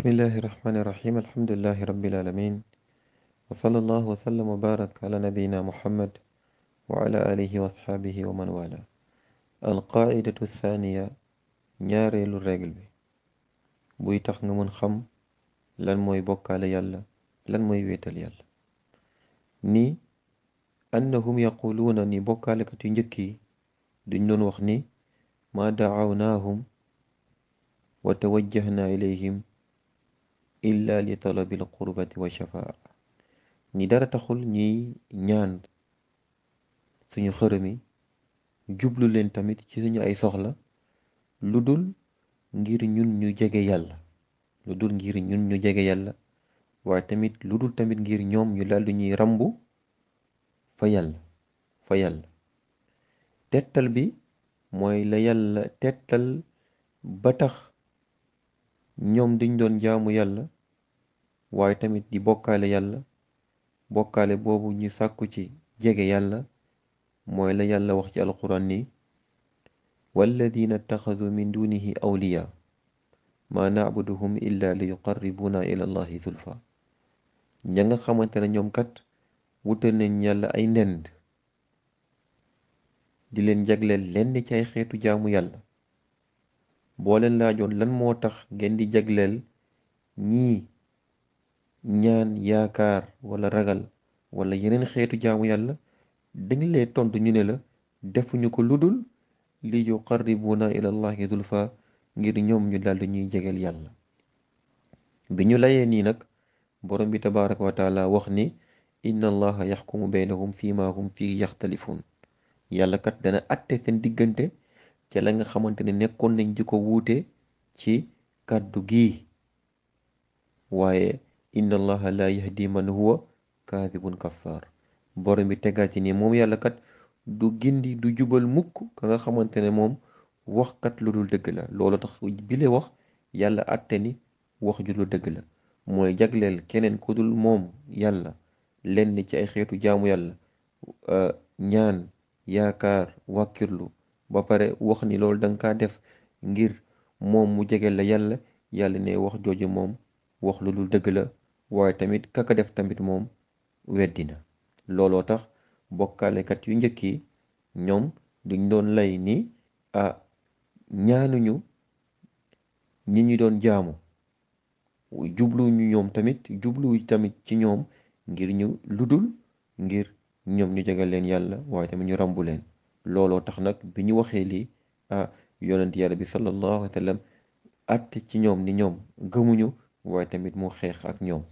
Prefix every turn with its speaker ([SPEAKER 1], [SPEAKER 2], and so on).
[SPEAKER 1] bismillahi rahmani rahim alhamdulillahi rabbil alamin wa sallallahu wa sallam wa barak ala nabiyina muhammad wa ala alihi wa ashabihi wa man wala alqaidatu thaniya ñaareelu règle bi buy tax nga mën xam lan mooy bokkaale yàlla lan mooy wéetal yàlla ni annahum yaquluuna ni bokkaalekat yu njëkk yi duñ doon wax ni ma daawnahum wa tawajjahnaa ilayhim illa li talabil qurbati wa shafaa ni dara taxul ñuy ñaan suñu xërëm jublu leen tamit ci suñu ay soxla lu dul ngir ñun ñu jege yàlla lu dul ngir ñun ñu jege yàlla waa tamit lu dul tamit ngir ñoom ñu daldi ñuy rambu fa yàlla fa yàlla tettal bi mooy la yàlla tettal ba tax ñoom dañ doon jaamu yàlla waaye tamit di bokkaale yàlla bokkaale boobu ñu sàkku ci jege yàlla mooy la yàlla wax ci alquran ni walladina ittaxadu min dunihi awliya ma naabuduhum illa li yuqarribuna ila allahi zulfa ña nga xamante ne ñoom kat wutal nañ ay ndend di leen jagleel lenn ci ay xeetu jaamu yàlla boo leen laajoon lan moo tax ngeen di jagleel ñii ñaan yaakaar walla ragal wala yeneen xeetu jaamu yàlla dañ lee tontu ñu ne la defuñu ko lu ludul li yuqarribuna ila allahi zulfa ngir ñoom ñu daldi ñuy jegeel yàlla bi ñu layee nii nag borom bi tabaraka wa taala wax ni inna allaha yaxkumu baynahum fi ma hum fii yaxtalifuun yàlla kat dana atte seen diggante ci la nga xamante ne nekkoon nañ di ko wuute ci kàddu gii waaye inna allaha la yahdi man huwa kaadibun kaffar borom bi tegal ci ni moom yàlla kat du gindi du jubal mukk ka nga xamante ne moom wax kat lu dul dëgg la loolu tax bile wax yàlla atte ni wax ju dul dëgg la mooy jagleel keneen ku dul moom yàlla lenn ci ay xeetu jaamu yàlla euh, ñaan yaakaar wàkkirlu ba pare wax ni loolu danga kaa def ngir moom mu jege la yàlla yàlla ne wax jooju moom wax lu dul dëgg la waaye tamit kaka def tamit moom weddi na looloo tax bokkaalekat yu njëkk yi ñoom duñ doon lay ni a ñaanuñu ñi ñu doon jaamu jubluñu ñoom tamit jubluwu tamit ci ñoom ngir ñu lu dul ngir ñoom ñu jegal leen yàlla waaye tamit ñu ràmbu leen looloo tax nag bi ñu waxee lii ah yonent yàlla bi sallallahu alayhi wa sallam ci ñoom ni ñoom gëmuñu waaye tamit mu xeex ak ñoom